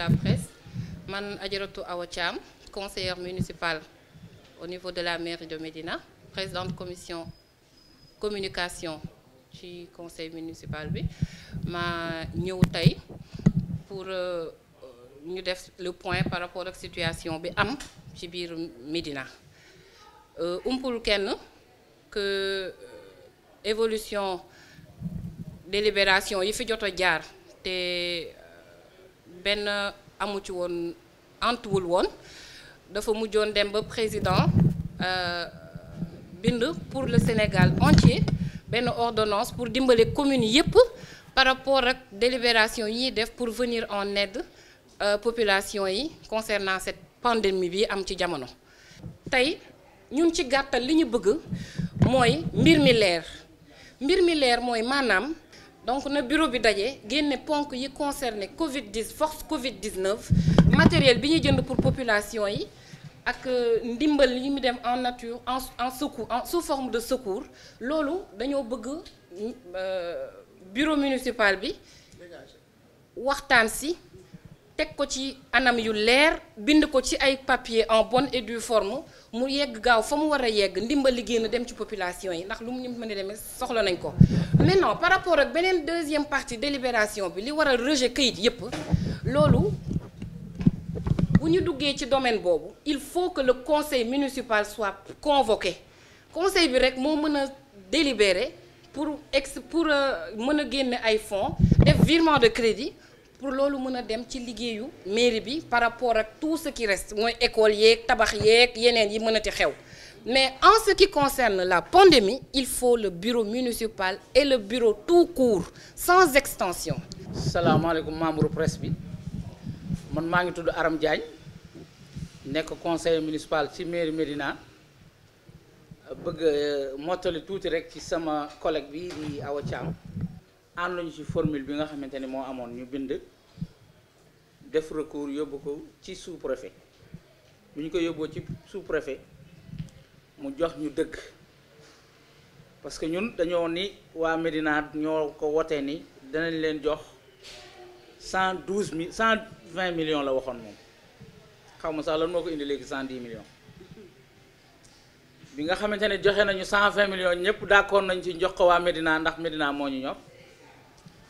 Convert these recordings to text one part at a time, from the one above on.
la presse man suis Awacham, conseillère municipale au niveau de la mairie de Médina présidente commission communication du conseil municipal Je ma venue pour nous euh, euh, le point par rapport la situation bi am ci biir Médina euh, umpul kenn que évolution délibération Il fi jot a ben amu ci won antuwul won dafa mujjoon dem ba président euh, bind pour le Sénégal entier ben ordonnance pour dimbale commune yépp par rapport ak délibération yi def pour venir en aide euh, population yi concernant cette pandémie bi am ci jamono tay ñun ci gattal li ñu bëgg moy mbir mi leer mbir mi leer donc na bureau bi daje génne ponk yi concerné Covid 10 force Covid 19 matériel bi ñuy jënd pour population yi ak euh, ndimbal en nature en en secours en sous forme de secours lolo dañoo bëgg euh, bureau municipal bi waxtaan si tek ko ci anam yu leer bind papier en bonne et due forme mu yegg yegg population yi par rapport ak deuxième partie délibération bi li war a rejet kayit yépp loolu bu domaine il faut que le conseil municipal soit convoqué conseil bi délibérer pour ex pour euh, mën et virement de crédit pour loolu mën dem ci liggéeyu mairie bi par rapport ak tout ce qui reste moy école yek tabax yek yenen yi ti xew mais en ce qui concerne la pandémie il faut le bureau municipal et le bureau tout court sans extension salaamaaleykum membre presse bi man maa ngi Aram Diagne nek conseiller municipal ci mairie medina bëgg Je euh, tout rek ci sama collègue bi di Awa Thiam ànduñu ci formule bi nga xamante ni moo amoon ñu bind def recours yóbbu ko ci sous-préfet bu ñu ko yóbboo ci sous-préfet mu jox ñu dëkk parce que ñun dañoo ni waa Médina ñoo ko wotee ni danañ leen jox cent douze mille cent vingt millions la waxoon moom xaw ma sax lan moo ko indi léegi cent dix millions bi nga xamante ne joxe nañu cent vingt millions ñëpp d'accord nañ ci njox ko waa Médina ndax Médina moo ñu ñor.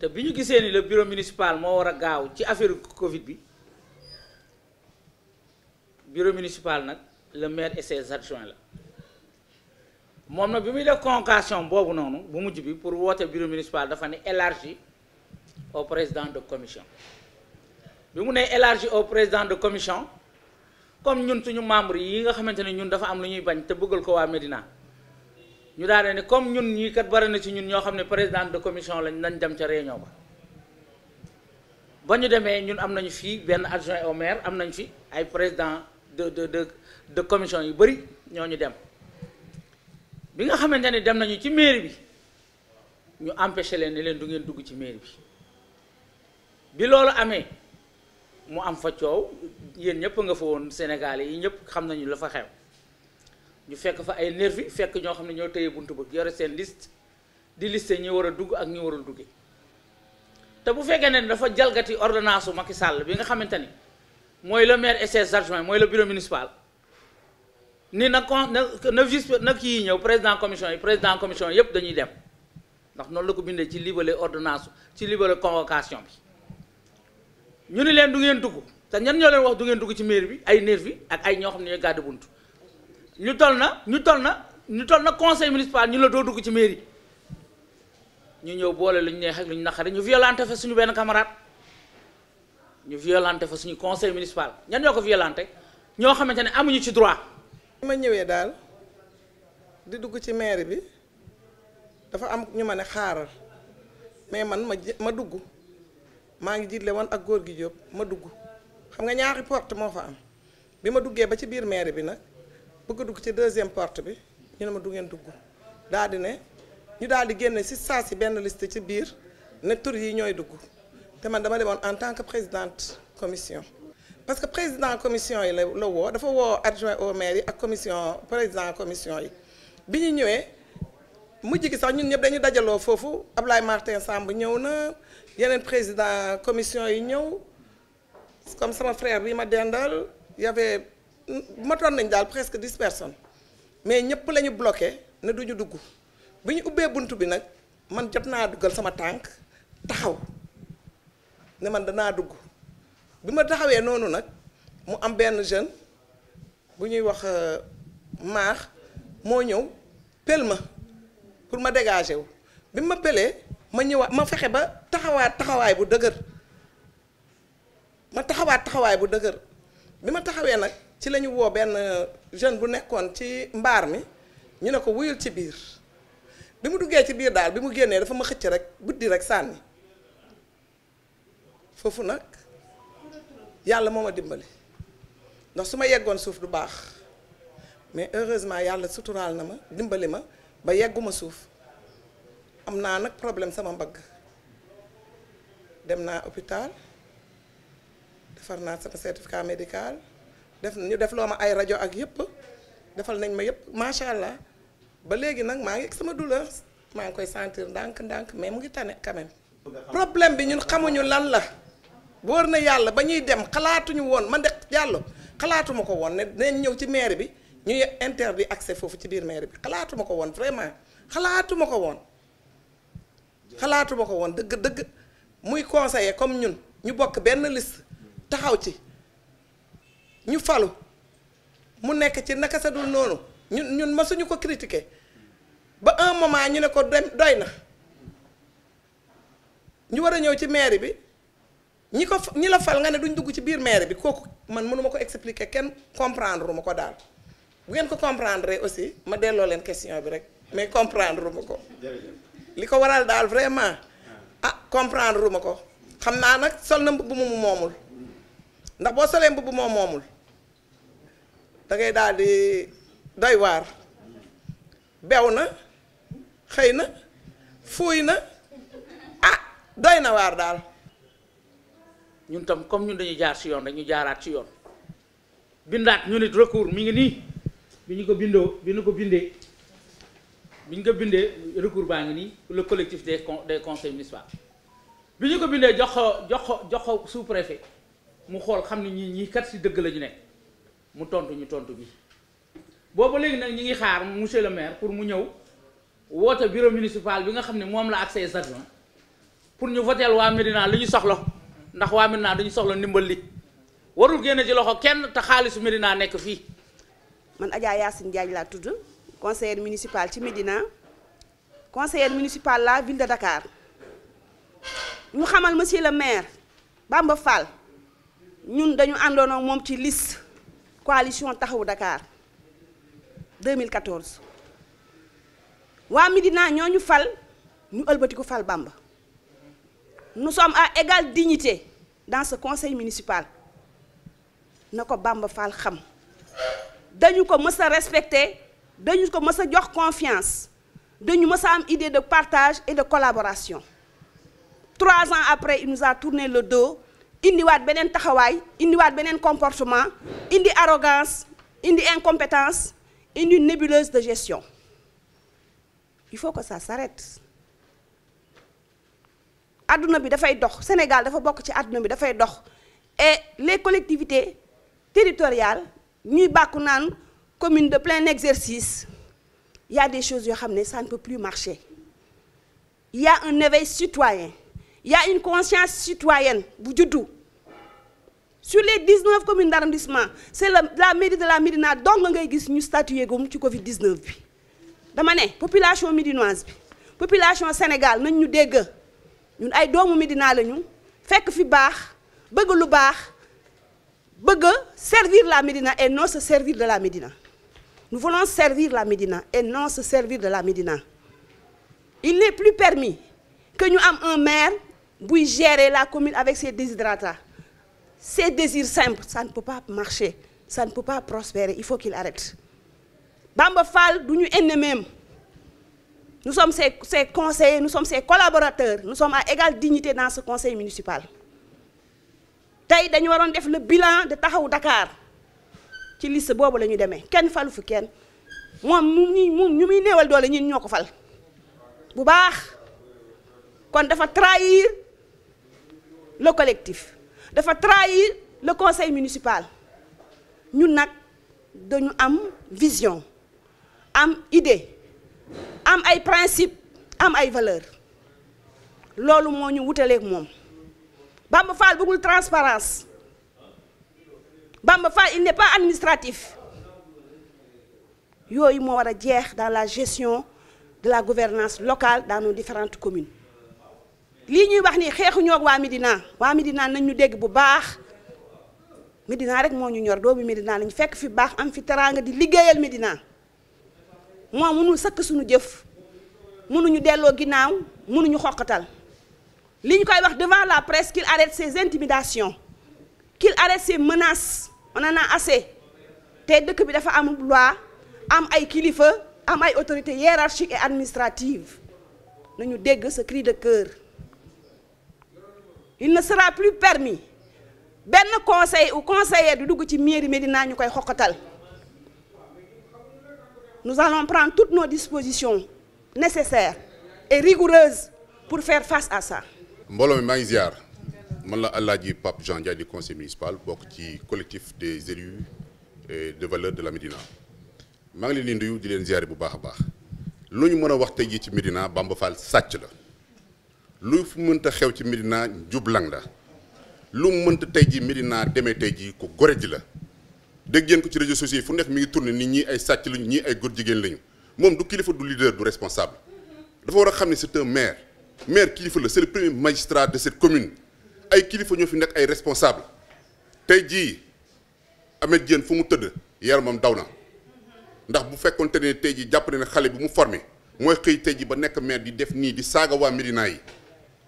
te bi ñu gisee ni le bureau municipal moo war a gaaw ci affaire Covid bi bureau municipal est le maire et ses adjoints la moom na bi muy def convocation pour noonu bu bi pour bureau municipal dafa ne élargi au président de commission bi mu ne élargi au président de commission comme ñun suñu membres, yi nga xamante ne ñun dafa am lu ñuy bañ te bëggal ko Medina. ñu daal ne comme ñun ñii kat bari na ci ñun ñoo xam ne président de commission lañ nañ dem ca réunion ba ba ñu demee ñun am nañu fii benn adjoint au maire am nañ fi ay président de de de de commission yu bëri ñoo ñu dem bi nga xamante ne dem nañu ci mairie bi ñu empêché leen ne leen du ngeen dugg ci mairie bi bi loolu amee mu am fa coow yéen ñëpp nga fa woon Sénégal yi ñëpp xam nañu la fa xew. ñu fekk fa ay nervi fekk ñoo xam ne ñoo tëye bunt bu yore seen liste di liste ñi war a dugg ak ñi warul dugge te bu fekkee ne dafa jalgati ordonnance su Macky Sall bi nga xamante ni mooy le maire et ses adjoints mooy le bureau municipal ni na con na na vice na kii ñëw président commission yi président commission yëpp dañuy dem ndax noonu la ko bindee ci libellé ordonnance ci libellé convocation bi ñu ni leen du ngeen dugg te ñan ñoo leen wax du ngeen dugg ci maire bi ay nervi ay ñoo xam ne ñooy buntu. ñu tol na ñu tol na ñu tol na conseil municipal ñu la doo dugg ci mairie ñu ñëw boole lu ñu neex ak lu ñu naqari ñu violenté fa suñu benn camarade ñu violenté fa suñu conseil municipal ñan ñoo ko violenté ñoo xamante ne amuñu ci droit. ma ñëwee daal di dugg ci mairie bi dafa am ñu ma ne xaaral mais man ma ma dugg maa ngi jiitle woon ak góor gi Diop ma dugg xam nga ñaari porte moo fa am bi ma duggee ba ci biir mairie bi nag. bëgg dugg ci deuxième porte bi ñu ne ma du ngeen ne ñu si liste ci biir ne tur yi te en tant que présidente commission. parce que président commission yi la dafa adjoint au maire yi commission président commission yi sax ñun dañu Ablaye Martin ñëw na président commission yi ñëw comme sama frère bi ma y avait matoon nañ daal presque dix personnes mais ñëpp la ñu bloqué ne duñu dugg bi ñu ubbee bunt bi nag man jot naa duggal sama tànk taxaw ne man danaa dugg bi ma taxawee noonu nag mu am benn jeune bu ñuy wax euh, maax moo ñëw pel ma pour ma dégager wu bi ma pelee ma ñëwaat ma fexe ba taxawaat taxawaay bu dëgër ma taxawaat taxawaay bu dëgër bi ma taxawee nag ci la ñu woo benn jeune bu nekkoon ci mbaar mi ñu ne ko wuyul ci biir bi mu duggee ci biir daal bi mu génnee dafa ma xëcc rek buddi rek sànni foofu nag yàlla moo ma dimbali ndax su ma yeggoon suuf du baax mais heureusement yàlla suturaal na ma dimbali ma ba yegguma suuf am naa nag problème sama mbagg dem naa hôpital defar naa sama certificat médical def ñu def loo ma ay rajo ak yëpp defal nañ ma yëpp macha allah ba léegi nag maa ngi sama douleur maa ngi koy sentir ndànk ndànk mais mu ngi tane quand même. problème bi ñun xamuñu lan la. wóor na yàlla ba ñuy dem xalaatuñu woon man de jàllo xalaatuma ko woon ne dinañ ñëw ci maire bi ñuy interdit accès foofu ci biir maire bi xalaatuma ko woon vraiment xalaatuma ko woon. xalaatuma ko woon dëgg dëgg muy conseiller comme ñun ñu bokk benn liste taxaw ci. ñu falu mu nekk ci naka sa dul noonu ñun ñun masuñu ko critiquer ba un moment ñu ne ko dem doy na ñu war a ñëw ci mairie bi ñi ko ñi la fal nga ne duñ dugg ci biir mairie bi kooku man mënuma ko expliquer kenn comprendre ma ko daal bu ngeen ko comprendre aussi ma delloo leen question bi rek mais comprendre ma ko li ko waral daal vraiment ah comprendre ma ko xam naa nag sol na mbubb mu moomul ndax boo solee mbubb moo moomul da ngay doy waar bew na xëy na fuuy na ah doy na waar daal ñun tam comme ñun dañuy jaar si yoon dañu jaaraat ci yoon bindaat ñu nit recours mi ngi nii bi ñu ko bindoo bi ñu ko bindee bi ñu ko bindee recours baa ngi nii le collectif des des conseils bi ñu ko bindee jox ko jox ko jox sous-préfet mu xool xam ne ñii ñii kat ci dëgg lañu ne mu tontu ñu tontu bi boobu léegi nag ñi ngi xaar monsieur le maire pour mu ñëw woote bureau municipal bi nga xam ne moom la ak ses pour ñu voteel waa Médina li ñu soxla ndax waa Médina dañu soxla ndimbal li warul génn ci loxo kenn te xaalisu Médina nekk fii. man Adja Yacine Diagne laa tudd conseillère municipale ci Médina conseillère municipale la ville de Dakar ñu xamal monsieur le maire Bamba Fall ñun dañu àndoon ak moom ci list coalition Tahou Dakar 2014 Wa Médina ñu fal ñu fal Bamba nous sommes à égale dignité dans ce conseil municipal Nous sommes à égal dignité nous ko à respecter dañu ko à confiance dañu sommes a am idée de partage et de collaboration trois ans après il nous a tourné le dos il taxaway indi indiwaat un comportement indi arrogance indi incompétence indi nébuleuse de gestion il faut que ça s'arrête Le bi Sénégal fa fait ci aduna bi dox et les collectivités territoriales ñuy communes de plein exercice il y a des choses qui xamné ne ça ne peut plus marcher il y a un éveil citoyen il y a une conscience citoyenne bu sur les 19 communes d'arrondissement, c'est la mairie de la Médina donc ngay gis ñu statuer gum ci Covid 19 bi dama ne population médinoise la population Sénégal nous avons des ñun ay doomu Médina lañu fekk fi baax bëgg lu baax bëgg servir la Médina et non se servir de la Médina nous voulons servir la Médina et non se servir de la Médina il n'est plus permis que nous ayons un maire pour gérer la commune avec ses désidérats. ses désirs simples ça ne peut pas marcher ça ne peut pas prospérer il faut qu'il arrête Bamba Fall sommes ñu mêmes. nous sommes ses conseillers nous sommes ses collaborateurs nous sommes à égale dignité dans ce conseil municipal tey dañu waroon def le bilan de Taxawu Dakar ci liste ce bois pour le kenn de fi kenn moom mu ñu ñu muy néewal doole ñun ñoo ko fal bu baax kon dafa trahir le collectif faut trahir le conseil municipal Nous avons une vision une idée am ay principe am ay valeur nous moo ñu wutaleeg moom Bamba Fall la transparence Bamba Fall il n'est pas administratif Il il dans la gestion de la gouvernance locale dans nos différentes communes lii ñuy wax ni ñok wa Médina wa Médina nañ dégg bu baax Medina. rek ñu ñor Médina lañ fekk fi baax am fi di Médina nous sëkk suñu jëf mënuñu mënuñu xokatal li koy wax devant la presse qu'il arrête ses intimidations qu'il arrête ses menaces on en a assez Té dëkk bi dafa am loi am ay kilifa am ay autorité hiérarchique et administrative, nañu dégg ce cri de cœur il ne sera plus permis Ben conseil ou conseiller du dugg ci mairie Médina nous allons prendre toutes nos dispositions nécessaires et rigoureuses pour faire face à ça. mbooloo mi maa ziar man la Pape Jean Ndiaye conseil municipal Bokti, ci collectif des élus et de valeur de la Médina Je ngi leen di nuyu di leen ziar bu baax a baax lu ñu Médina Bamba lu fu mënta xew ci Médina jublang la lu mu mënta tey ji Médina demee tey ji ko gore ji la dégg ngeen ko ci réseaux sociaux yi fu nekk mi ngi tourné nit ñi ay sàcc lañu ñii ay góor jigéen lañu moom du kilifa du leader du responsable dafa war a xam ne c'est un maire maire kilifa la c'est le premier magistrat de cette commune ay kilifa ñoo fi nekk ay responsable tey jii amet Diène fu mu tëdd yaramam daw na ndax bu fekkoonte ne tey jii jàpp na ne xale bi mu formé mooy xëy tey jii ba nekk maire di def nii di saaga waa Médina yi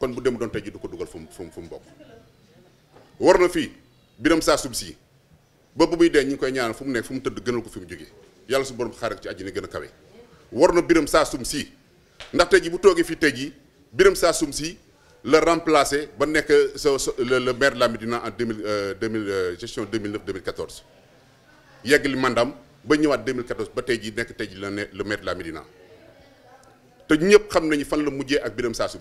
kon bu dem doon tey ji du ko dugal fum fum fum mu bokk war na biram sa sub bop ba deñ muy koy ñaanal fum mu nekk fu mu tëdd gënal ko fi mu yalla yàlla su borom xaaral ci aljina gën kawé warna biram sa sum ndax tey ji bu toogee fi tey ji biram sa sum le remplacer ba nekk sa le maire de la medina en 2000 mille deux mille euh, euh, gestion 2009 2014 yegli mandam ba ñëwaat 2014 ba tey ji nekk tey ji le maire de la medina te ñëpp xam nañu fan la mujjé ak biram sa sum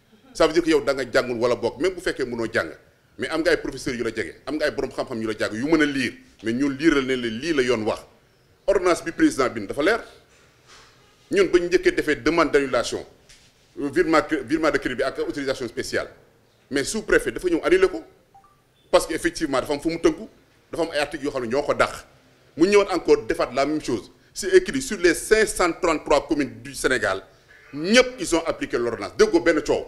ça veut dire que yow da nga jangul wala bok même bu fekkee mëno jang mais am nga ay professeurs yu la jege am nga ay borom xam-xam yu la jàng yu mëna lire mais ñun liiral ne la li la yoon wax ordonnance bi président bin, dafa Nous, ñun ba ñëkke défé demande d'annulation, virement de crédit bi ak autorisation spéciale mais sous préfet dafa ñëw annulé ko parce que effectivement dafa am fu mu tënku dafa am ay article yo xam ñoko dakh mu encore défat la même chose c'est écrit sur les 533 communes du Sénégal ñëpp ils ont appliqué l'ordonnance De go ben coow.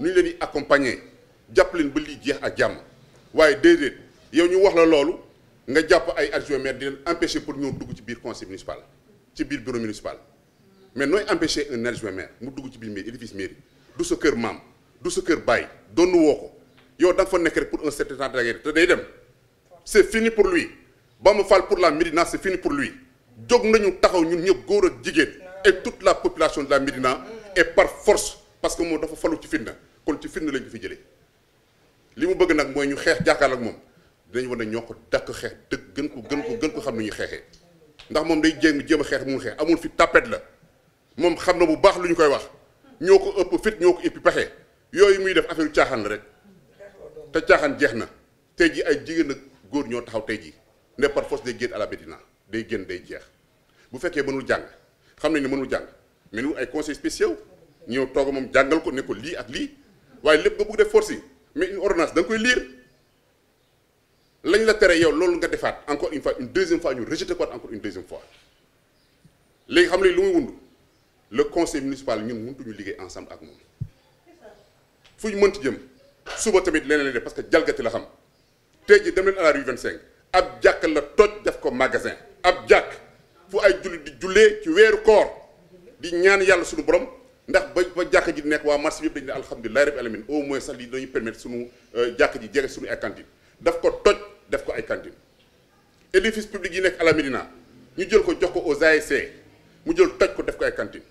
Nous l'avons accompagné. accompagner jàpp ba lii nous l'avons dit, yow adjoint maire empêcher pour nous dugg ci conseil municipal ci bureau municipal mais nous empêcher un adjoint maire mu dugg ci mairie édifice mairie du pour un certain temps c'est fini pour lui Bam Fall pour la Médina c'est fini pour lui taxaw ñun et toute la population de la Médina est par force parce que nous dafa kon ci firnde lañ ko fi jëlee li mu bëgg nag mooy ñu xeex jàkkaarloo ak moom dañu war ne ñoo ko dàkk xeex dëgg gën ko gën ko gën ko xam ni ñuy xeexee ndax moom day jéem jéem xeex mu xeex amul fi tapet la moom xam na bu baax lu ñu koy wax ñoo ko ëpp fit ñoo ko ëpp paxe yooyu muy def affaire caaxaan la rek te caaxaan jeex na tey ji ay jigéen ak góor ñoo taxaw tey ji ne par day génn à la Médina day génn day jeex bu fekkee mënul jàng xam nañu ne mënul jàng mais ay conseils ñëw toog moom jàngal ko ne ko lii ak waaye lépp nga bëgg def forcé, mais une ordonnance da nga koy lire lañ la tere yow loolu nga defaat encore une fois une deuxième fois ñu rejeté ko encore une deuxième fois léegi xam nga lu muy wund le conseil municipal ñun nous liggéey ensemble ak moom fu ñu mënti jëm suba tamit leneen def parce que jalgati la xam tey jii dem leen à la rue 25 ab la toj def ko magasin ab jàkk fu ay julli di jullee ci weeru koor di ñaan yàlla suñu ndax ba ba jàkk ji nekk waa marché bi dañu ne alhamdulilah rabbil alamin au moins sax lii dañuy permettre sunu euh, jàkk ji jege sunu ay cantine daf ko toj def ko ay cantine édifice public yi nekk à la Médina ñu jël ko jox ko aux ASC mu jël toj ko def ko ay cantine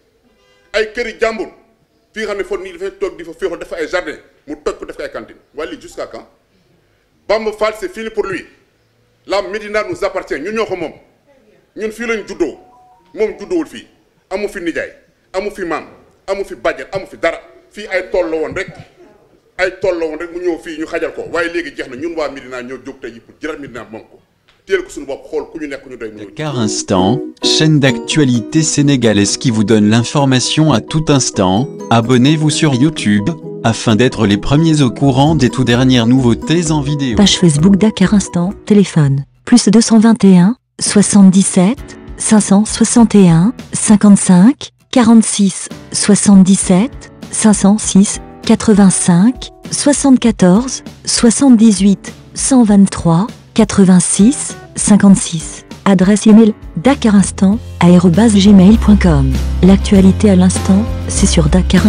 ay këri jàmbur fii nga xam ne foofu nii dafay toog di fa féexal def ay jardin mu toj ko def ko ay cantine waaye lii jusqu'à quand Bamba Fall c'est fini pour lui la medina nous appartient ñun ñoo ko moom ñun fii lañ juddoo moom juddoowul fii amu fi nijaay amu fi maam car ay rek ay Instant chaîne d'actualité sénégalaise qui vous donne l'information à tout instant abonnez-vous sur YouTube afin d'être les premiers au courant des tout dernières nouveautés en vidéo. Page Facebook Dakar Instant téléphone plus 221 77 561 55 46 77 506 85 74 78 123 86 56. Adresse email gmail.com L'actualité à l'instant, c'est sur Dakar